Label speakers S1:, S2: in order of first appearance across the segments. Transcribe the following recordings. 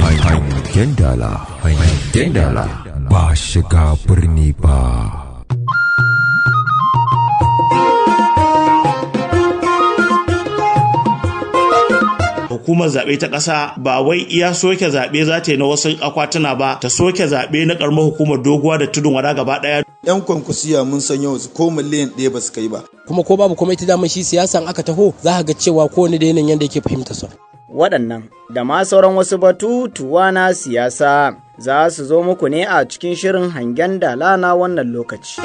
S1: hangen ba shiga birni ba
S2: hukumar zaɓe ta ƙasa ba wai iya soke zaɓe za ta yi na wasu akwatuna ba ta soke zaɓe na ƙaramar hukumar doguwa da tudun wada gaba ɗaya. yan kwankwasiya mun san yau ko miliyan ɗaya ba su kai ba.
S3: kuma ko babu kuma ita damar shi siyasan aka taho za ka ga cewa kowane da yanayin yadda yake fahimta son.
S4: waɗannan da ma sauran wasu batutuwa na siyasa za su zo muku ne a cikin shirin hangen dala na wannan lokaci.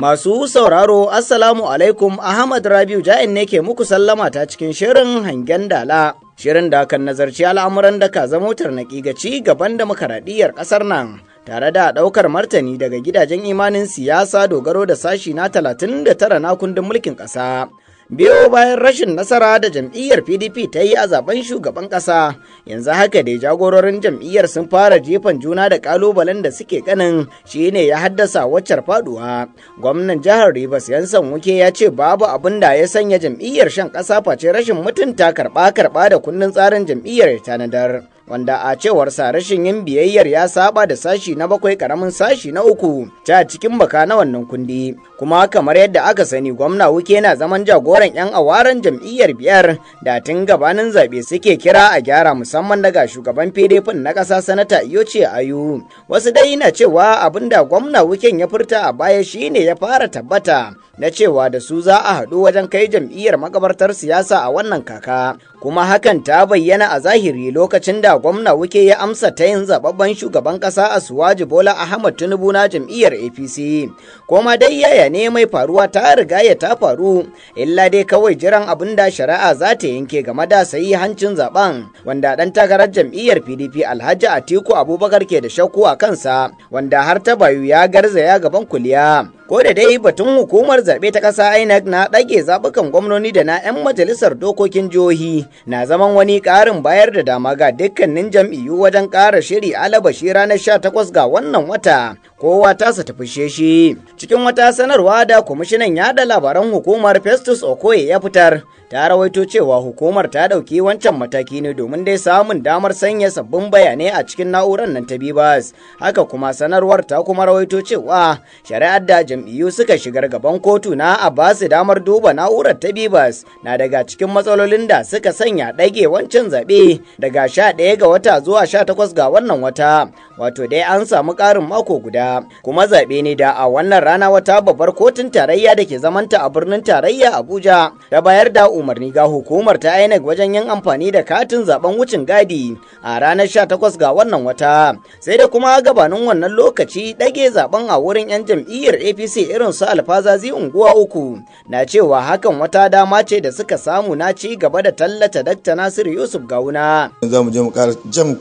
S4: Masu sauraro Assalamu alaikum Ahmad Rabiu Ja'in ne ke muku sallama ta cikin shirin hangen dala. Shirin da kan nazarci al'amuran da ka zamo tarnaƙi ga ci gaban demokaradiyyar ƙasar nan. tare da ɗaukar martani daga gidajen imanin siyasa dogaro da sashi na 39 na kundin mulkin ƙasa biyo bayan rashin nasara da jam'iyyar pdp ta yi a zaben shugaban kasa yanzu haka dai jagororin jam'iyyar sun fara jefan juna da kalubalen da suke kanin ne ya haddasa waccar faduwa gwamnan jihar rivers yansan wuke ya ce babu abin da ya sanya jam'iyyar shan kasa face rashin mutunta karba karba da kundin tsarin jam'iyyar tanadar wanda a cewarsa rashin yin biyayyar ya saba da sashi na bakwai karamin sashi na uku ta cikin baka na wannan kundi kuma kamar yadda aka sani gwamna wuke na zaman jagoran yan awaran jam'iyyar biyar da tun gabanin zaɓe suke kira a gyara musamman daga shugaban pdp na ƙasa sanata iyoce ayu wasu dai na cewa abin da gwamna wuken ya furta a baya shine ya fara tabbata na cewa da su za a haɗu wajen kai jam'iyyar magabartar siyasa a wannan kaka kuma hakan ta bayyana a zahiri lokacin da gwamna wuke ya amsa ta yin zababben shugaban kasa a suwaji bola ahmad tinubu na jam'iyyar apc kuma dai yaya ne mai faruwa ta riga ya ta faru illa dai kawai jiran abin da shari'a za ta yanke game da sayi hancin zaben wanda dan takarar jam'iyyar pdp alhaji atiku abubakar ke da shakku a kansa wanda har ta bayu ya garzaya gaban kuliya ko da dai batun hukumar zaɓe ta ƙasa inec na ɗage zaɓukan gwamnoni da na 'yan majalisar dokokin jihohi na zaman wani ƙarin bayar da dama ga dukkanin jam'iyyu wajen ƙara shiri alabashi shi ranar 18 ga wannan wata kowa tasa ta fushe shi cikin wata sanarwa da kwamishinan yada labaran hukumar festus okoye ya fitar ta rawaito cewa hukumar ta ɗauki wancan mataki ne domin dai samun damar sanya sabbin bayanai a cikin na'urar nan ta bibas haka kuma sanarwar ta kuma rawaito cewa shari'ar da jam'iyyu suka shigar gaban kotu na a ba su damar duba na'urar ta bibas na daga cikin matsalolin da suka sanya ɗage wancan zaɓe daga 11 ga wata zuwa 18 ga wannan wata wato dai an samu ƙarin mako guda Kuma zaɓe ne da a wannan rana wata babbar kotun tarayya da ke zamanta a birnin tarayya Abuja ta bayar da umarni ga hukumar ta INEC wajen yin amfani da katin zaben wucin gadi a ranar 18 ga wannan wata. Sai da kuma gabanin wannan lokaci ɗage zaben a wurin 'yan jam'iyyar APC irin su alfazazi unguwa uku na cewa hakan wata dama ce da suka samu na ci gaba da tallata Dakta Nasiru Yusuf Gauna.
S5: Za mu je mu jam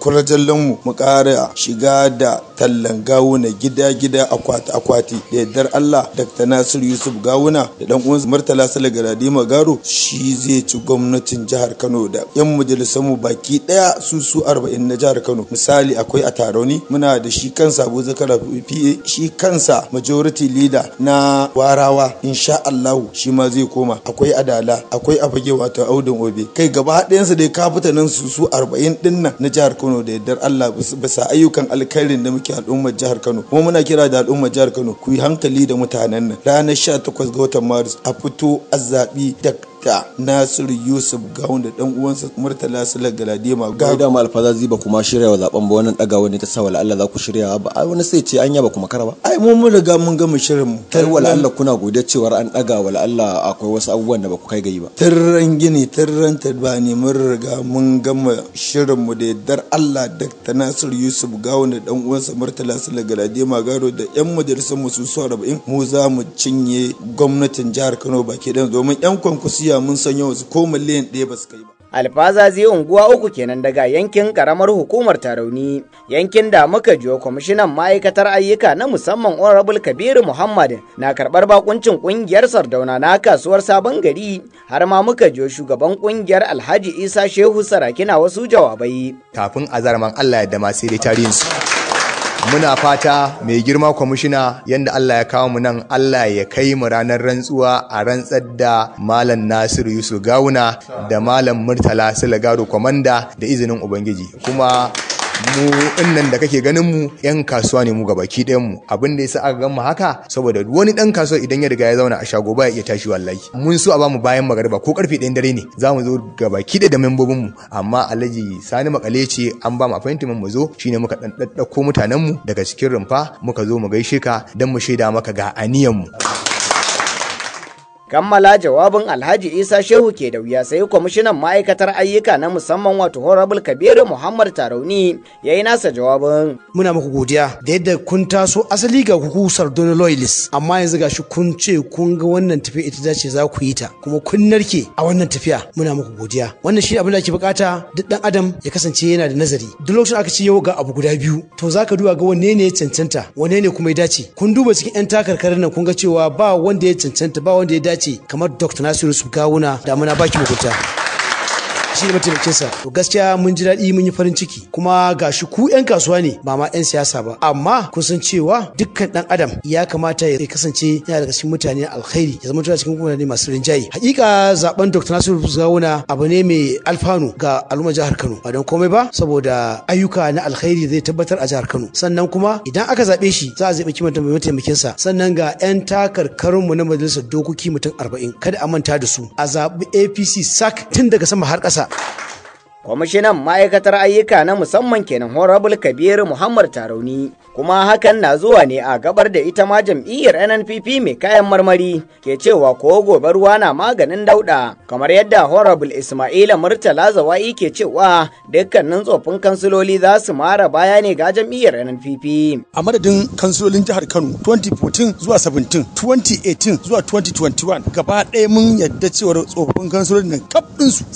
S5: mu ƙara shiga da tallan gawuna gida gida-gida akwati-akwati da yardar Allah Dr. Nasir Yusuf Gawuna da dan uwansa Murtala Sale Garadi Magaro shi zai ci gwamnatin jihar Kano da yan majalisar mu baki daya su su 40 na jihar Kano misali akwai a Taroni muna da shi kansa Abu Zakara PA shi kansa majority leader na Warawa insha Allah shi ma zai koma akwai Adala akwai a fage wato Audun Obe kai gaba haɗayansa dai nan su su 40 din nan na jihar Kano da yardar Allah bisa ayyukan alkhairin da muke al'ummar jihar Kano kuma muna kira da al'ummar jihar Kano ku yi hankali da mutanen nan ranar 18 ga watan Maris a fito a zaɓi da da nasir Yusuf ga wanda dan uwansa Murtala Sula Galadima ga da
S1: malfaza ziba kuma shirya wa zaben ba wannan daga wani ta sa wala Allah za ku shirya ba
S5: ai wani sai ce an ba kuma kara ba ai mu mun riga mun mu shirin mu
S1: kai wala Allah kuna gode cewar an daga wala Allah akwai wasu abubuwan da ba ku kai gayi ba
S5: tirran gini tirran tadbani mun riga mun mu shirin mu da yaddar Allah ta nasir Yusuf ga wanda dan uwansa Murtala Sula Galadima garo da yan majalisar mu su 40 mu za mu cinye gwamnatin
S4: jihar Kano baki dan domin yan kwankusiya najeriya mun san yau ko miliyan ɗaya ba su kai ba alfaza zai unguwa uku kenan daga yankin karamar hukumar tarauni yankin da muka jiyo kwamishinan ma'aikatar ayyuka na musamman honorable kabiru muhammad na karɓar bakuncin ƙungiyar sardauna na kasuwar sabon gari har ma muka jiyo shugaban ƙungiyar alhaji isa shehu sarakina wasu jawabai kafin man allah
S1: ya dama sai dai tarihinsu muna fata mai girma kwamishina yadda Allah ya kawo mu nan Allah ya kai mu ranar rantsuwa a rantsar da malam Nasiru Yusuf Gawuna da malam Murtala Sulagaru Kwamanda da izinin Ubangiji kuma mu nan da kake ganin mu yan kasuwa ne mu gabaki ɗayan mu abin da yasa aka gan mu haka saboda wani dan kasuwa idan ya riga ya zauna a shago ba ya iya tashi wallahi mun so a bamu bayan magariba ko karfe ɗayan dare ne za mu zo ga baki ɗaya da membobin mu amma alhaji sani makale ce an ba mu appointment mu zo shine muka dan daddako mutanen mu daga cikin rumfa muka zo mu gaishe ka dan mu shaida maka ga aniyan mu
S4: kammala jawabin alhaji isa shehu ke da wuya sai kwamishinan ma'aikatar ayyuka na musamman wato horrible kabiru muhammad tarauni ya yi nasa jawabin muna muku godiya da
S6: yadda kun taso asali ga kuku sardoni loyalist amma yanzu gashi kun ce kun ga wannan tafiya ita dace za ku yi ta kuma kun narke a wannan tafiya muna muku godiya wannan shi abin da ake bukata duk dan adam ya kasance yana da nazari duk lokacin aka ce yau ga abu guda biyu to za ka duba ga wanne ne ya cancanta wanne ne kuma ya dace kun duba cikin yan takarkarin nan kun ga cewa ba wanda ya cancanta ba wanda ya dace dace kamar Dr. Nasiru Sukawuna da muna baki mugunta. shi ne mataimakinsa to gaskiya mun ji daɗi mun yi farin ciki kuma gashi ku 'yan kasuwa ne ba ma 'yan siyasa ba amma kun san cewa dukkan ɗan adam ya kamata ya kasance yana daga cikin mutane alkhairi ya zama tuna cikin mutane masu rinjaye hakika zaben dr nasiru zawuna. abu ne mai alfanu ga al'ummar jihar kano ba don komai ba saboda ayyuka na alkhairi zai tabbatar a jihar kano sannan kuma idan aka zaɓe shi za a zaɓi kimanta mai mataimakinsa sannan ga 'yan takarkarinmu na majalisar dokoki
S4: mutum arba'in kada a
S6: manta da su a zaɓi apc sak tun daga sama har ƙasa Obrigado.
S4: kwamishinan ma'aikatar ayyuka na musamman kenan honorable kabir muhammad tarauni kuma hakan na zuwa ne a gabar da ita ma jam'iyyar nnpp mai kayan marmari ke cewa ko gobe ruwa na maganin dauda kamar yadda honorable ismaila murtala zawai ke cewa dukkanin tsofin kansiloli za su mara baya ne ga jam'iyyar nnpp a
S7: madadin kansilolin jihar kano 2014 zuwa 17 2018 zuwa 2021 gaba ɗaya mun yadda cewar tsofin kansilolin nan kaf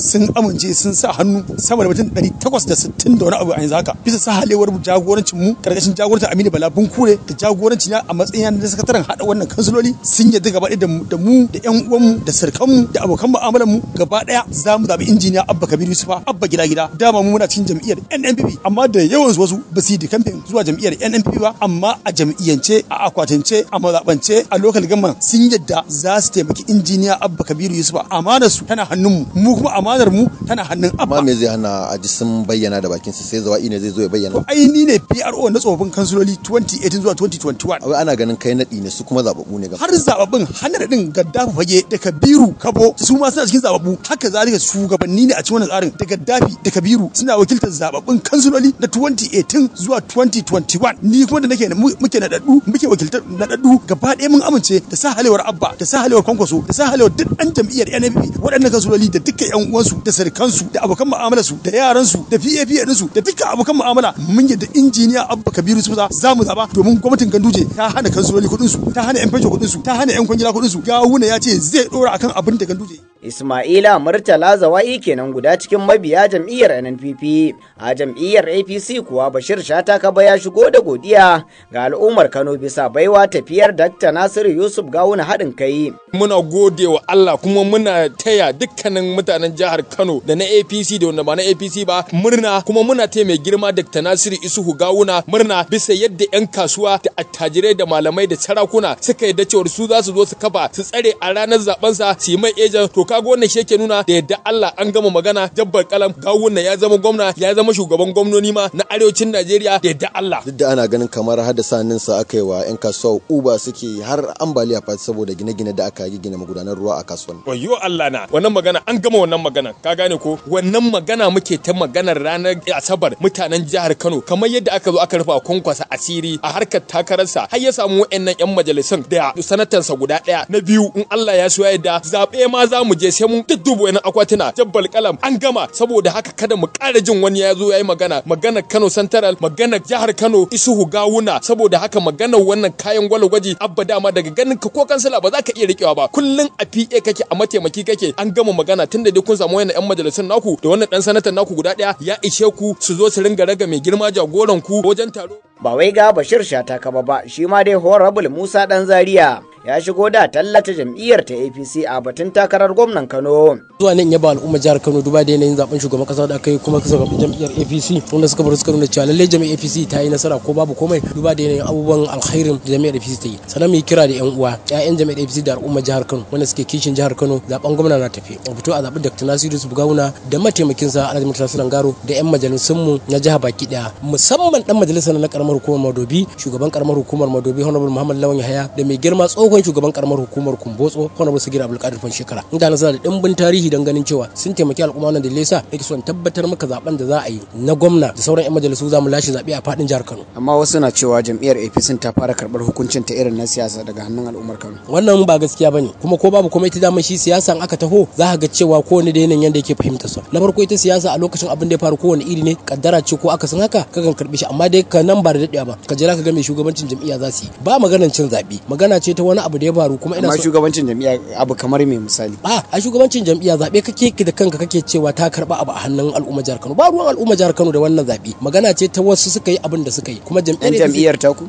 S7: sun amince sun sa hannu sama da mutum 860 da wani abu a yanzu haka bisa sa halewar jagorancin mu karkashin jagorancin Aminu Bala Bunkure da jagorancin a matsayin na sakataren hada wannan kansuloli sun yadda gaba da mu da yan mu da mu da abokan mu'amalar mu gaba daya za mu zaɓi injiniya Abba Kabiru Yusufa Abba Gida Gida dama mu muna cikin jam'iyyar NNPP amma da yawan wasu ba su yi kamfen zuwa jam'iyyar NNPP ba amma a jam'iyyance a akwatance a mazaɓance a lokal gamman sun yadda za su taimaki injiniya Abba Kabiru Yusufa amanar su tana hannun mu mu kuma amanar mu tana hannun Abba a aji sun bayyana da bakin su sai zawa'i ne zai zo ya bayyana ai ni ne PRO na tsofaffin kansuloli
S1: 2018 zuwa 2021 awai ana ganin kai nadi ne su kuma zababbu ne har
S7: zababbin hanar din gaddafi fage da kabiru kabo su ma suna cikin zababbu haka zalika shugabanni ne a cikin wannan tsarin da gaddafi da kabiru suna wakiltar zababbin kansuloli na 2018 zuwa 2021 ni kuma da nake muke nadaddu muke wakiltar nadaddu gaba ɗaya mun amince da sahalewar abba da sahalewar kwankwaso da sahalewar duk ɗan jam'iyyar NNP waɗannan kansuloli da dukkan yan uwansu da sarkansu da abokan mu'amala mu'amala su da yaran su da fiye fiye su da duka abokan mu'amala mun yadda injiniya Abba Kabiru Suza za mu zaba domin gwamnatin Ganduje ta hana wani kuɗin su ta hana yan fage kuɗin su ta hana yan kwangila kuɗin su gawuna ya ce
S4: zai dora akan abin da Ganduje Ismaila Murtala Zawa'i kenan guda cikin mabiya jam'iyyar NNPP a jam'iyyar APC kuwa Bashir Shata ka ya shigo da godiya ga al'ummar Kano bisa baiwa tafiyar Dr. Nasiru Yusuf Gawuna haɗin kai. Muna
S8: gode wa Allah kuma muna taya dukkanin mutanen jihar Kano da na APC da wanda ba na APC ba murna kuma muna taya mai girma Dr. Nasiru Isuhu Gawuna murna bisa yadda 'yan kasuwa da attajirai da malamai da sarakuna suka yi dacewar su za su zo su kafa su tsare a ranar zaben sa su yi mai ejan to kaga wannan shi nuna da yadda Allah an gama magana dabbar kalam gawun ya zama gwamna ya zama shugaban gwamnoni ma na arewacin Najeriya da yadda Allah duk
S1: da ana ganin kamar hada sanin sa aka yi wa yan kasuwa uba suke har ambaliya fa saboda gine-gine da aka yi gine magudanar ruwa a kasuwan
S8: wayo Allah na wannan magana an gama wannan magana ka gane ko wannan magana muke ta maganar ranar Asabar mutanen jihar Kano kamar yadda aka zo aka rufa kwankwasa asiri a harkar takararsa har ya samu wa'annan yan majalisun da sanatansa guda daya na biyu in Allah ya so ya yarda zaɓe ma za mu je sai mun dudduba wani akwatuna jabbal kalam an gama saboda haka kada mu ƙara jin wani ya zo ya yi magana magana Kano Central magana jihar Kano isuhu gawuna saboda haka magana wannan kayan gwaji abba dama daga ganin ka ko kansila ba za ka iya rikewa ba kullun a PA kake a mataimaki kake an gama magana tunda dai kun samu wannan yan majalisun naku da wannan dan sanatan naku guda daya ya ishe ku su zo su ringa raga mai girma jagoran ku wajen taro
S4: ba wai ga Bashir shataka ka ba shi ma dai Horrible Musa dan Zaria ya shigo da tallata jam'iyyar ta apc a batun takarar gwamnan kano
S3: zuwa nan yaba al'umma jihar kano duba da yanayin zaben shugaban kasa da aka yi kuma shugaban jam'iyyar apc wanda suka bar suka nuna cewa lalle jam'iyyar apc ta yi nasara ko babu komai duba da yanayin abubuwan alkhairin da jam'iyyar apc ta yi sannan mu kira da yan uwa ƴaƴan jam'iyyar apc da al'umma jihar kano wanda suke kishin jihar kano zaben gwamna na tafi a fito a zaben dr nasiru bugauna da sa alhaji mutala sulangaro da yan mu na jiha baki daya musamman dan majalisar na karamar hukumar madobi shugaban karamar hukumar madobi honorable muhammad lawan yahaya da mai girma tsohon tsohon shugaban karamar hukumar kumbotso honorable sigir abdulkadir fan shekara inda na suna da dimbin tarihi don ganin cewa sun taimaki al'umma nan da lesa yake son tabbatar maka
S4: zaben da za a yi na gwamna da sauran yan majalisu
S3: za mu lashe zabe a fadin jihar kano
S4: amma wasu na cewa jam'iyyar apc ta fara karbar hukuncin ta irin na siyasa daga hannun al'ummar kano
S3: wannan ba gaskiya bane kuma ko babu komai ta dama shi siyasa aka taho za ka ga cewa kowane da yanayin yadda yake fahimta sa na farko ita siyasa a lokacin abin da ya faru kowane iri ne kaddara ce ko aka san haka kakan karbi shi amma dai ka nan ba da dadewa ba ka jira ka ga mai shugabancin jam'iyya za su yi ba maganar cin zabe magana ce ta wani wani abu da ya faru kuma ina amma
S4: shugabancin jam'iyya abu kamar me misali
S3: a a shugabancin jam'iyya zabe kake da kanka kake cewa ta karba abu a hannun al'umma jihar Kano ba ruwan al'umma jihar Kano da wannan zabe magana ce ta wasu suka yi abin da suka yi kuma jam'iyyar ta ku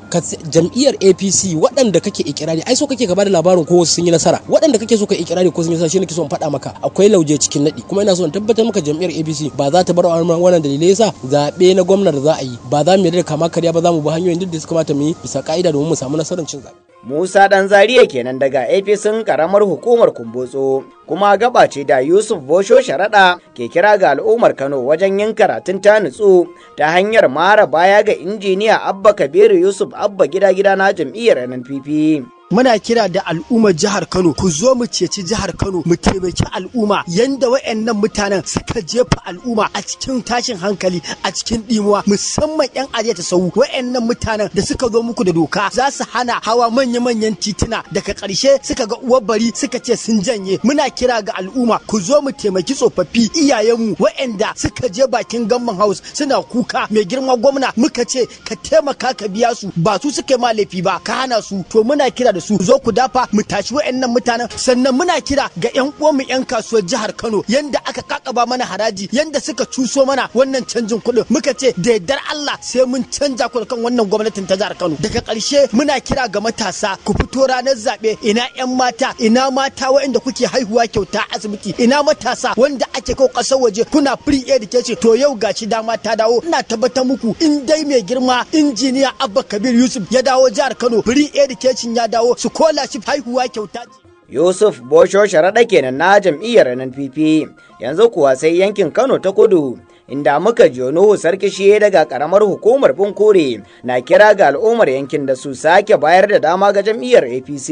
S3: jam'iyyar APC waɗanda kake ikirari ai so kake ka bada labarin ko sun yi nasara waɗanda kake so ka ikirari ko sun yi nasara shine kike so in faɗa maka akwai lauje cikin nadi kuma ina so in tabbatar maka jam'iyyar APC ba za ta bar wannan dalilai yasa zabe na gwamnati da za a yi ba za mu yarda kama kariya ba za mu bi hanyoyin duk da suka kamata mu yi bisa ka'ida domin mu samu nasarar cin zabe
S4: Musa ɗan Zariya kenan daga APCin karamar hukumar Kumbotso kuma gaba ce da Yusuf Bosho Sharaɗa ke kira ga al'ummar Kano wajen yin karatun ta nutsu ta hanyar mara baya ga injiniya Abba Kabiru Yusuf Abba gida gida na jam'iyyar NNPP.
S9: muna kira da al'ummar jihar Kano ku zo mu ceci jihar Kano mu taimaki al'umma yanda wayannan mutanen suka jefa al'umma a cikin tashin hankali a cikin dimuwa musamman yan arewa ta sau wayannan mutanen da suka zo muku da doka za su hana hawa manya-manyan tituna daga ƙarshe suka ga uwar bari suka ce sun janye muna kira ga al'umma ku zo mu taimaki tsofaffi iyayenmu wayanda suka je bakin gamman house suna kuka mai girma gwamna muka ce ka taimaka ka biya su ba su suka yi ma laifi ba ka hana su to muna kira da da su zo ku dafa mu tashi wayannan mutanen sannan muna kira ga yan mu yan kasuwar jihar Kano yanda aka kakaba mana haraji yanda suka cuso mana wannan canjin kuɗin muka ce da yardar Allah sai mun canja ku kan wannan gwamnatin ta jihar Kano daga ƙarshe muna kira ga matasa ku fito ranar zaɓe ina yan mata ina mata waɗanda kuke haihuwa kyauta asibiti ina matasa wanda ake kawo ƙasar waje kuna free education to yau gashi dama ta dawo ina tabbatar muku in dai mai girma injiniya Abba Kabir Yusuf ya dawo jihar Kano free education ya dawo Su scholarship haihuwa kyauta
S4: Yusuf Bosho sharaɗa kenan na jam'iyyar NNPP yanzu kuwa sai yankin Kano ta kudu inda muka ji Nuhu Sarkishiye daga karamar hukumar Bunkure na kira ga al'ummar yankin da su sake bayar da dama ga jam'iyyar APC.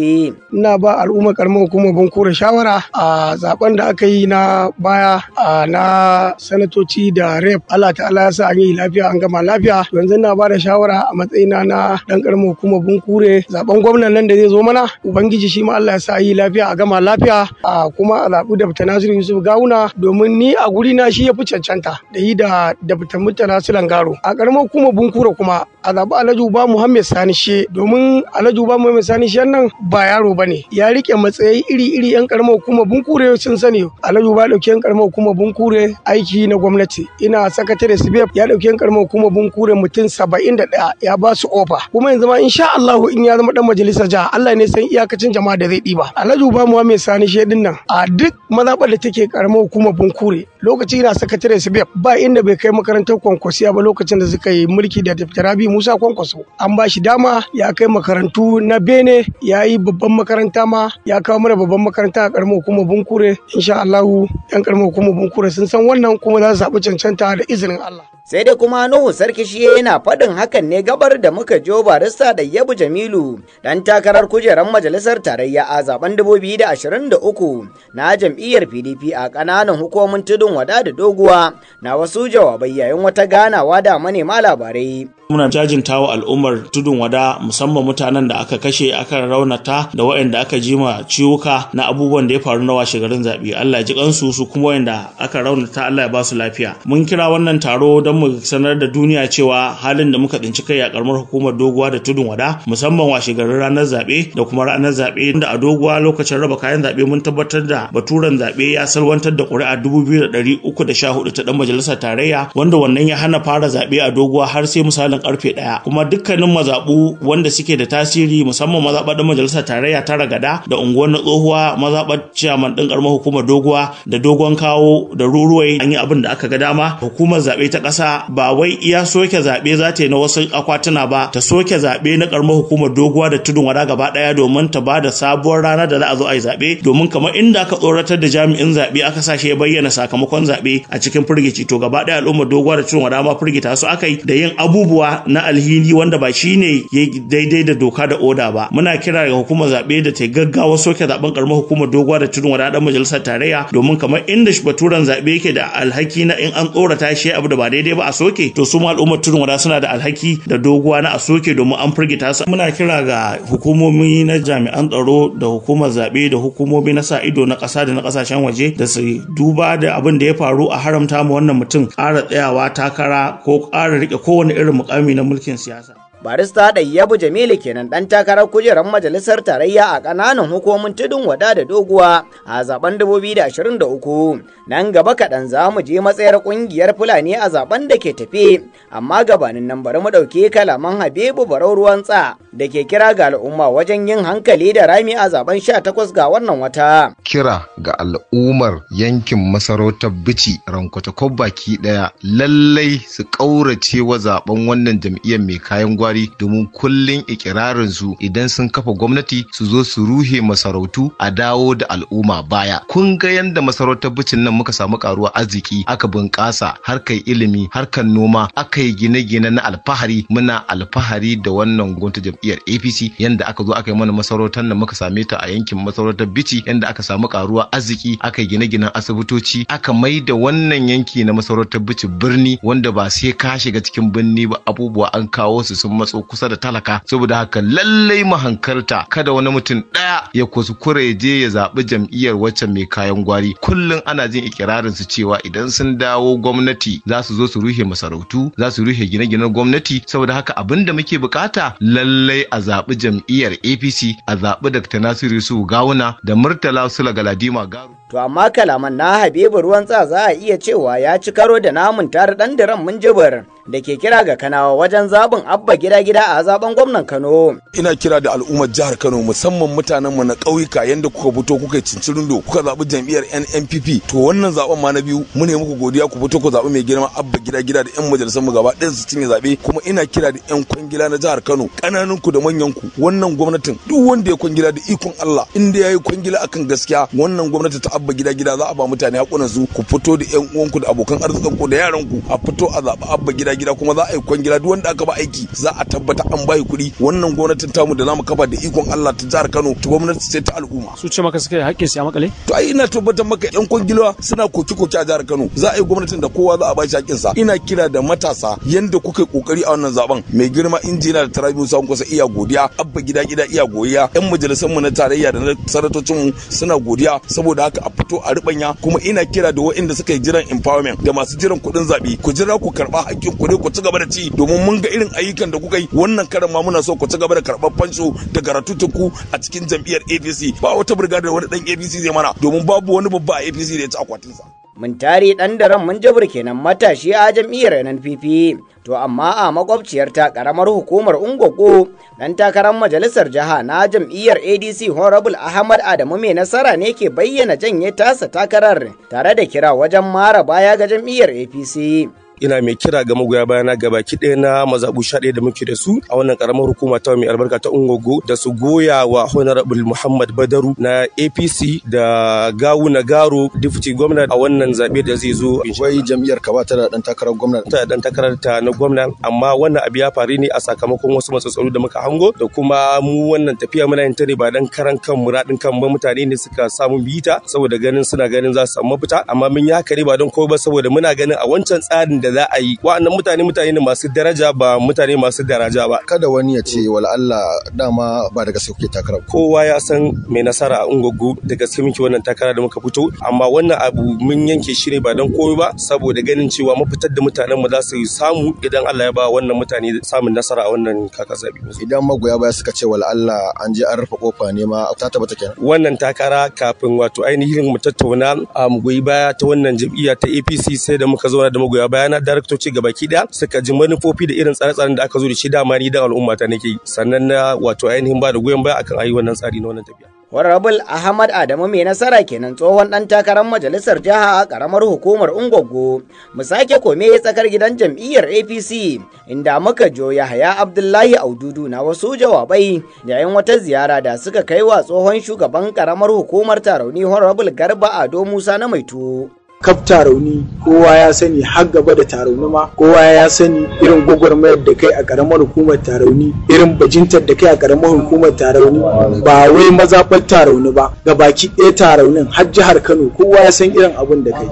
S10: Ina ba al'ummar karamar hukumar Bunkure shawara a zaben da aka yi na baya na sanatoci da rep Allah ta'ala ya sa an yi lafiya an gama lafiya yanzu ina ba da shawara a matsayina na dan karamar hukumar Bunkure zaben gwamnan nan da zai zo mana ubangiji shi ma Allah ya sa yi lafiya a gama lafiya kuma a zaɓi da Nasiru Yusuf Gawuna domin ni a guri na shi ya fi cancanta da da da su langaro a karamar hukumar Bunkura kuma a zaɓi Alhaji Uba muhammed Sani shi. domin Alhaji Uba muhammed Sani shi nan ba yaro bane ya rike matsayi iri-iri yan karamar hukumar Bunkure sun sani Alhaji Uba dauke yan karamar hukumar Bunkure aiki na gwamnati ina sakatare Sibep ya dauke yan karamar hukumar Bunkure mutum 71 ya ba su ofa kuma yanzu ma insha Allah in ya zama dan majalisa jiha Allah ne san iyakacin jama'a da zai diba Alhaji Uba muhammed Sani shi din nan a duk mazaɓar da take karamar hukumar Bunkure lokaci ina sakatare Sibep ba inda bai kai makarantar kwankwasiya ba lokacin da suka yi mulki da Dr. Rabi Musa Kwankwaso an ba shi dama ya kai makarantu na Bene ya yi babban makaranta ma ya kawo mana babban makaranta a karamar hukumar Bunkure insha Allahu yan karamar hukumar Bunkure sun san wannan kuma za su zaɓi cancanta da izinin Allah.
S4: Sai dai kuma Nuhu sarki shi yana faɗin hakan ne gabar da muka jo barista da Yabu Jamilu dan takarar kujerar majalisar tarayya a zaben 2023 na jam'iyyar PDP a kananan hukumomin tudun wada da doguwa na wasu jawabai yayin wata ganawa da manema labarai
S2: muna jajinta wa al'ummar tudun wada musamman mutanen da aka kashe aka raunata da wayanda aka ma ciwuka na abubuwan da ya faru na washe garin zaɓe Allah ya ji kansu su kuma wayanda aka raunata Allah ya ba su lafiya mun kira wannan taro don mu sanar da duniya cewa halin da muka tsinci kai a karamar hukumar doguwa da tudun wada musamman washe garin ranar zabe da kuma ranar zabe da a doguwa lokacin raba kayan zabe mun tabbatar da baturen zaɓe ya salwantar da ƙuri'a dubu biyu da da sha ta ɗan majalisar tarayya wanda wannan ya hana fara zaɓe a doguwa har sai misalin wannan karfe ɗaya kuma dukkanin mazabu wanda suke da tasiri musamman mazaɓar da majalisar tarayya ta ragada da unguwar na tsohuwa mazaɓar ciyaman ɗin ƙaramar hukumar doguwa da dogon kawo da ruruwai an yi abin da aka ga dama hukumar zaɓe ta ƙasa ba wai iya soke zaɓe za ta yi na wasu akwatuna ba ta soke zaɓe na ƙaramar hukumar doguwa da tudun wada gaba ɗaya domin ta ba da sabuwar rana da za a zo a yi zaɓe domin kamar inda aka tsoratar da jami'in zaɓe aka sa ya bayyana sakamakon zaɓe a cikin firgici to gaba ɗaya al'ummar doguwa da tudun wada ma firgita su aka yi da yin abubuwa na alhini wanda ba shi ne daidai da doka da oda ba muna kira ga hukumar zaɓe da ta gaggawa soke zaɓen ƙaramar hukumar doguwa da tudun wadaɗan majalisar tarayya domin kamar inda baturan zaɓe yake da alhaki na in an tsorata shi abu da ba daidai ba a soke to su ma al'ummar tudun wada suna da alhaki da doguwa na a soke domin an firgita su muna kira ga hukumomi na jami'an tsaro da hukumar zaɓe da hukumomi na sa ido na ƙasa da na ƙasashen waje da su duba da abin da ya faru a haramta mu wannan mutum ƙara tsayawa takara ko ƙara riƙe kowane irin muƙami amina mulkin siyasa
S4: barista ɗayyabu jamilu kenan ɗan takarar kujerar majalisar tarayya a ƙananan hukumomin tudun wada da doguwa a zaben 2023 nan gaba kaɗan za mu je matsayar ƙungiyar fulani a zaben da ke tafe amma gabanin nan bari mu ɗauki kalaman habibu barau ruwan tsa da ke kira ga al'umma wajen yin hankali da rami a zaben 18 ga wannan wata
S11: kira ga al'ummar yankin masarautar bici rankwata baki ɗaya lallai su ƙaurace wa zaben wannan jam'iyyar mai kayan gwa gwari domin ikirarin su idan sun kafa gwamnati su zo su ruhe masarautu a dawo da al'umma baya kun ga yanda masarautar bicin nan muka samu karuwa arziki aka bunƙasa harkar ilimi harkar noma aka yi gine-gine na alfahari muna alfahari da wannan gwamnati jam'iyyar apc yanda aka zo aka yi mana masarautar nan muka same ta a yankin masarautar bici yanda aka samu karuwa arziki aka yi gine-ginen asibitoci aka mai da wannan yanki na masarautar bici birni wanda ba sai ka shiga cikin birni ba abubuwa an kawo su sun matso kusa da talaka saboda haka lallai mahankarta kada wani mutum ɗaya ya ya je ya zaɓi jam'iyyar wacce mai kayan gwari kullum ana jin ikirarin su cewa idan sun dawo gwamnati za su zo su ruhe masarautu za su ruhe gine-ginen gwamnati saboda haka abin da muke bukata lallai a zaɓi jam'iyyar APC a zaɓi Dr. Nasiru Yusuf Gawuna da Murtala sulagaladima Garu
S4: to amma kalaman na habibu ruwan tsa za a iya cewa ya ci karo da namun tare dan diran munjibir da ke kira ga kanawa wajen zabin abba gida gida a zaben gwamnan kano
S12: ina kira da al'ummar jihar kano musamman mutanen mu na ƙauyuka yanda kuka fito kuka cincirin do kuka zabi jam'iyyar NNPP to wannan zaben ma na biyu mu ne muku godiya ku fito ku zabi mai girma abba gida gida da yan majalisar mu gaba ɗaya su cinye zabe kuma ina kira da yan kwangila na jihar Kano kananun ku da manyan ku wannan gwamnatin duk wanda ya kwangila da ikon Allah inda yayi kwangila akan gaskiya wannan gwamnati ta abba gida gida za a ba mutane hakunan su ku fito da yan uwanku da abokan arzikan ku da yaran ku a fito a zaba abba gida gida kuma za a yi kwan gida duk wanda aka ba aiki za a tabbata an bai kuɗi wannan gwamnatin tamu da zamu kafa da ikon Allah ta jihar Kano ta gwamnati ce ta al'umma
S2: su ce maka suka yi haƙƙin su a makale
S12: to ai ina tabbatar maka yan kwan suna koki koki a jihar Kano za a yi gwamnatin da kowa za a bashi haƙƙin sa ina kira da matasa yanda kuka kokari a wannan zaben mai girma injina da tarabi musa kusa iya godiya abba gida gida iya godiya yan majalisar mu na tarayya da na sanatocin mu suna godiya saboda haka a fito a ribanya kuma ina kira da waɗanda suka yi jiran empowerment da masu jiran kuɗin zaɓe ku jira ku karɓa hakkin ku ne ku ci gaba da ci domin mun ga irin ayyukan da kuka yi wannan karan ma muna so ku ci gaba da karɓar fansho da garatutuku a cikin jam'iyyar APC ba wata burga da wani ɗan APC zai mana
S4: domin babu wani babba a APC da ya ci akwatinsa. mun tari ɗan daren mun jabur kenan matashi a jam'iyyar NNPP to amma a makwabciyarta karamar hukumar ungogo dan takarar majalisar jiha na jam'iyyar adc honorable ahmad adamu mai nasara ne ke bayyana janye tasa takarar tare da kira wajen mara baya ga jam'iyyar apc
S13: ina mai kira ga magoya bayana gabaki ɗaya na mazaɓu sha ɗaya da muke da su a wannan karamar hukuma ta mai albarka ta ungogo da su goya wa honorable muhammad badaru na apc da gawu na garo deputy gwamna a wannan zaɓe da zai zo wai jam'iyyar ka ta da ɗan takarar gwamna ta ɗan takarar ta na gwamna amma wannan abu ya faru ne a sakamakon wasu matsatsalu da muka hango da kuma mu wannan tafiya muna yin ta ne ba dan karan kan muradin kan ba mutane ne suka samu bita saboda ganin suna ganin za su samu mafita amma mun yi haka ne ba don kowa ba saboda muna ganin a wancan tsarin da da za a yi wa'annan mutane mutane ne masu daraja ba mutane masu daraja ba
S1: kada wani ya ce wala Allah dama ba daga gaske kuke takara
S13: kowa ya san mai nasara a ungogo da gaske muke wannan takara da muka fito amma wannan abu mun yanke shi ne ba dan komai ba saboda ganin cewa fitar da mutanen mu za su samu idan Allah ya ba wannan mutane samun nasara a wannan kaka zabi
S1: idan magoya baya suka ce wala Allah an je an rufe kofa ne ma ta tabbata kenan
S13: wannan takara kafin wato ainihin mu tattauna a mu goyi baya ta wannan jam'iyya ta APC sai da muka zauna da magoya baya na na daraktoci gaba ki daya suka ji manufofi da irin tsare-tsaren da aka zo da shi dama ni da al'umma ta nake sannan na wato ainihin ba da goyon baya akan ayi wannan tsari na wannan tafiya
S4: Honorable Ahmad Adamu mai nasara kenan tsohon ɗan takarar majalisar jiha a ƙaramar hukumar Ungwaggo. Mu sake kome tsakar gidan jam'iyyar APC inda muka jo Yahaya Abdullahi Aududu na wasu jawabai yayin wata ziyara da suka kai wa tsohon shugaban karamar hukumar Tarauni Honorable Garba Ado Musa na Maitu.
S14: Kaf tarauni, kowa ya sani har gaba da tarauni ma kowa
S4: ya sani irin
S14: gwagwarmayar da kai a karamar hukumar tarauni irin bajintar da kai a karamar hukumar tarauni ba wai mazaɓar tarauni ba ga baki ɗaya taraunin har jihar kano kowa ya san irin abin da kai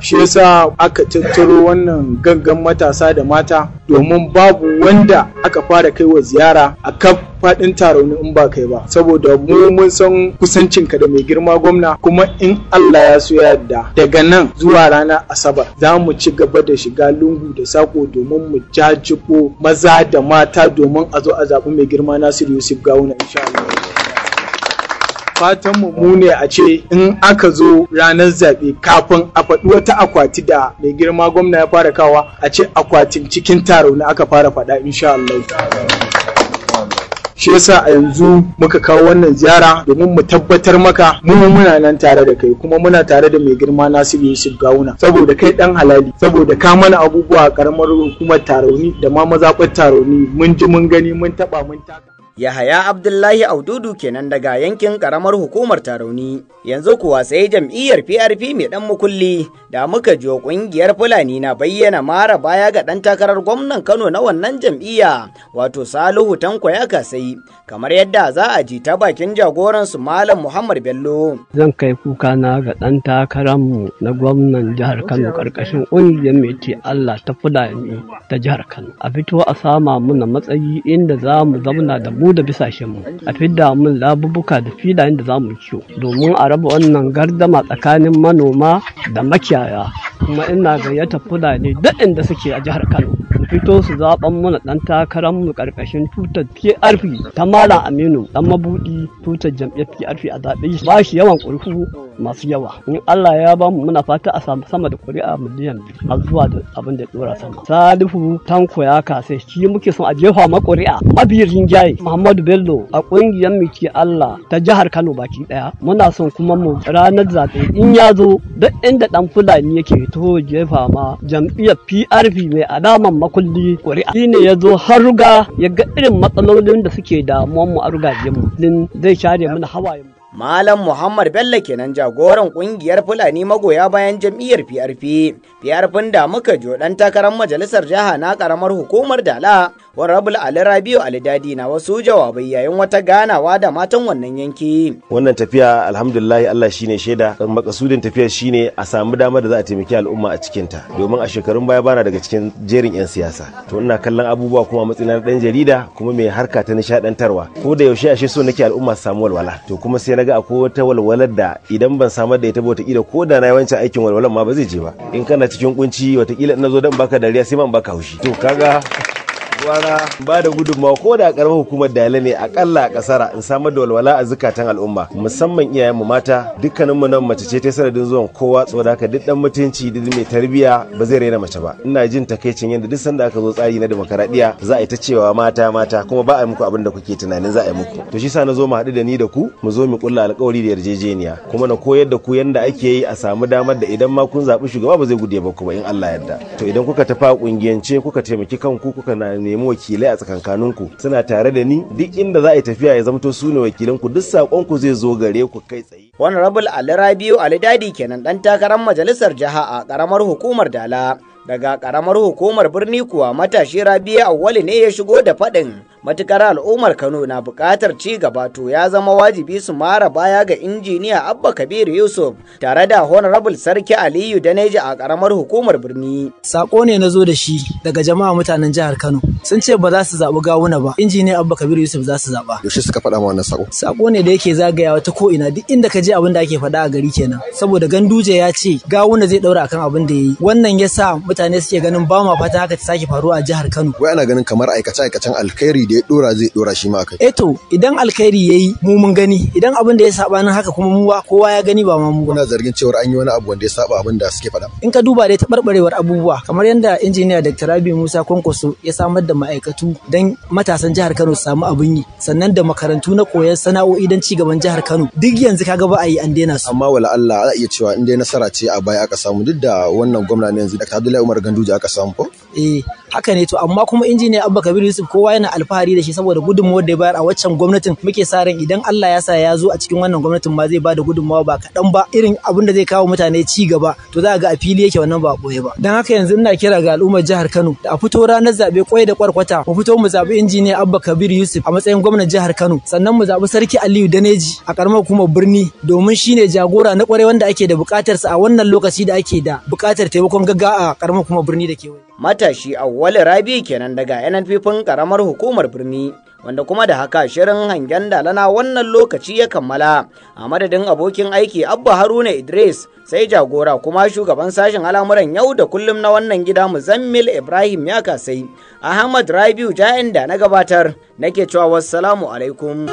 S14: shi yasa aka tattaro wannan gangan matasa da mata domin babu wanda aka fara kaiwa ziyara a kaf faɗin taron in ba kai ba saboda mu mun san kusancinka da mai girma gwamna kuma in Allah ya so yadda daga nan zuwa ranar asabar za mu ci gaba da shiga lungu da sako domin mu jajibo maza da mata domin a zo a zaɓi mai girma Nasiru Yusuf Gawuna insha Allah fatan mu mu ne a ce in aka zo ranar zaɓe kafin a faɗi wata akwati da mai girma gwamna ya fara kawa a ce akwatin cikin taro na aka fara faɗa insha Allah. shi yasa a yanzu muka kawo wannan ziyara domin mu tabbatar maka mu muna nan tare da kai kuma muna tare da mai girma Nasiru Yusuf Gawuna saboda kai dan halali saboda ka mana abubuwa a karamar hukumar taroni da ma mazaɓar taroni mun ji mun gani mun taɓa mun taka
S4: Yahaya Abdullahi Aududu kenan daga yankin karamar hukumar Tarauni. Yanzu kuwa sai jam'iyyar PRP mai dan mukulli da muka jo kungiyar Fulani na bayyana mara baya ga dan takarar gwamnan Kano na wannan jam'iyya wato Salihu Tanko ya kasai kamar yadda za a ji ta bakin jagoran su Malam Muhammad Bello.
S15: Zan kai kuka na ga dan takarar mu na gwamnan jihar Kano karkashin kungiyar mai ce Allah ta Fulani ta jihar Kano. A fito a sama muna matsayi inda za mu zauna da mu mu da mu, a fidda mun labubuka da filayen da za mu kiwo domin a raba wannan gardama tsakanin manoma da makiyaya kuma ina gayyata fulani duk inda suke a jihar kano Su fito su zaɓan mana ɗan takarar mu ƙarƙashin tutar PRP ta Malam Aminu ɗan mabuɗi tutar jam'iyyar PRP a zaɓe ba shi yawan ƙurfu masu yawa in Allah ya ba mu muna fata a samu sama da kuri'a miliyan a zuwa da abin da dora sama salihu tanko ya kase shi muke son a jefa ma kuri'a mabiyin jaye muhammadu bello a kungiyar miki Allah ta jihar Kano baki daya muna son kuma mu ranar zaɓe in ya zo duk inda dan fulani yake to jefa ma jam'iyyar PRP mai alaman makulli kuri'a shine ya zo har ruga ya ga irin matsalolin da suke damuwan mu a rugajen mu din zai share mana hawaye mu
S4: Malam Muhammad Bello kenan jagoran kungiyar Fulani magoya bayan jam'iyyar PRP. PRP da muka jo dan takarar majalisar jiha na karamar hukumar Dala, Warabul Ali Rabiu Ali Dadi na wasu jawabai yayin wata ganawa da matan wannan yanki.
S16: Wannan tafiya alhamdulillah Allah shine shaida, makasudin tafiyar shine a samu dama da za a taimaki al'umma a cikin ta. Domin a shekarun baya bana daga cikin jerin 'yan siyasa. To ina kallon abubuwa kuma matsayin dan jarida kuma mai harka ta nishadantarwa. Ko da yaushe ashe so nake al'umma su samu walwala. To kuma sai na ga akwai wata walwalar da idan ban samar da ita ba watakila ko da na yi aikin walwalar ma ba zai je ba in kana cikin kunci watakila ina zo dan baka dariya sai man baka haushi to kaga wana ba da gudunmawa ko da karamar hukumar dale ne akalla a kasara in samar da walwala a zukatan al'umma musamman iyayen mu mata dukkanin mu nan mace ce ta sanadin zuwan kowa tsoda ka duk dan mutunci duk mai tarbiya ba zai raina mace ba ina jin takaicin yadda duk sanda aka zo tsari na demokaradiyya za a yi ta cewa mata mata kuma ba a yi muku abin da kuke tunanin za a yi muku to shi sa na zo mu haɗu da ni da ku mu zo mu kulla alƙawari da yarjejeniya kuma na koyar da ku yadda ake yi a samu damar da idan ma kun zaɓi shugaba ba zai gude ba ku ba in Allah yarda to idan kuka tafa kungiyance kuka taimaki kanku kuka na nemi wakilai a tsakankaninku suna tare da ni duk inda za a yi tafiya ya zamto su ne ku duk sakonku zai zo gare ku
S4: kai tsaye. rabul ali rabiu ali dadi kenan ɗan takarar majalisar jiha a karamar hukumar dala daga karamar hukumar birni kuwa matashi rabiu awwali ne ya shigo da faɗin matukar al'ummar kano na buƙatar ci gaba to ya zama wajibi su mara baya ga injiniya abba kabir yusuf tare da honorable sarki aliyu daneji a karamar hukumar birni sako ne na zo da shi daga jama'a mutanen jihar kano sun ce ba za su zaɓi
S17: gawuna ba injiniya abba kabir yusuf za su zaɓa
S1: yaushe suka faɗa ma wannan sako
S17: sako ne da yake zagayawa ta ko ina duk inda ka je abin da ake faɗa a gari kenan saboda ganduje ya ce gawuna zai ɗaura akan abin da yayi wannan ya sa mutane suke ganin ba ma fata haka ta sake faruwa a jihar kano wai ana ganin kamar
S1: aikace-aikacen alkhairi da ya dora zai dora shi ma
S17: eh eto idan alkhairi yayi mu mun gani idan abin da ya nan haka kuma mu kowa ya gani ba ma mu kuna zargin cewa an yi wani abu wanda ya saba abin da suke faɗa in ka duba dai taɓarɓarewar abubuwa kamar yadda injiniya Dr. Rabi Musa Kwankwaso ya samar da ma'aikatu dan matasan jihar Kano su samu abin yi sannan da makarantu na koyon sana'o'i dan ci gaban jihar Kano duk yanzu kaga ba a yi an daina su
S1: amma wala Allah za a iya cewa in dai nasara ce a baya aka samu duk da wannan gwamna ne yanzu Dr. Abdullahi Umar Ganduje aka samu ko
S17: eh haka ne to amma kuma injiniya abba kabir yusuf kowa yana alfahari da shi saboda gudunmawar da ya bayar a waccan gwamnatin muke sa ran idan allah ya sa ya zo a cikin wannan gwamnatin ma zai bada gudunmawa ba kaɗan ba irin abin da zai kawo mutane ci gaba to za a ga a fili yake wannan ba ɓoye ba don haka yanzu ina kira ga al'ummar jihar kano da a fito ranar zaɓe kwai da kwarkwata mu fito mu zaɓi injiniya abba kabir yusuf a matsayin gwamnan jihar kano sannan mu zaɓi sarki aliyu daneji a ƙaramar kuma birni domin shi ne jagora na kwarai wanda ake da buƙatarsa a wannan lokaci da ake da buƙatar taimakon
S4: gaggawa a ƙaramar kuma birni da kewaye matashi a Wale Rabi kenan daga NNPP karamar hukumar birni wanda kuma da haka shirin hangen dalana wannan lokaci ya kammala a madadin abokin aiki Abba Haruna Idris sai jagora kuma shugaban sashen al'amuran yau da kullum na wannan gida Muzammil Ibrahim ya kasai Ahmad Rabiu Jayan da na gabatar nake cewa wassalamu alaikum.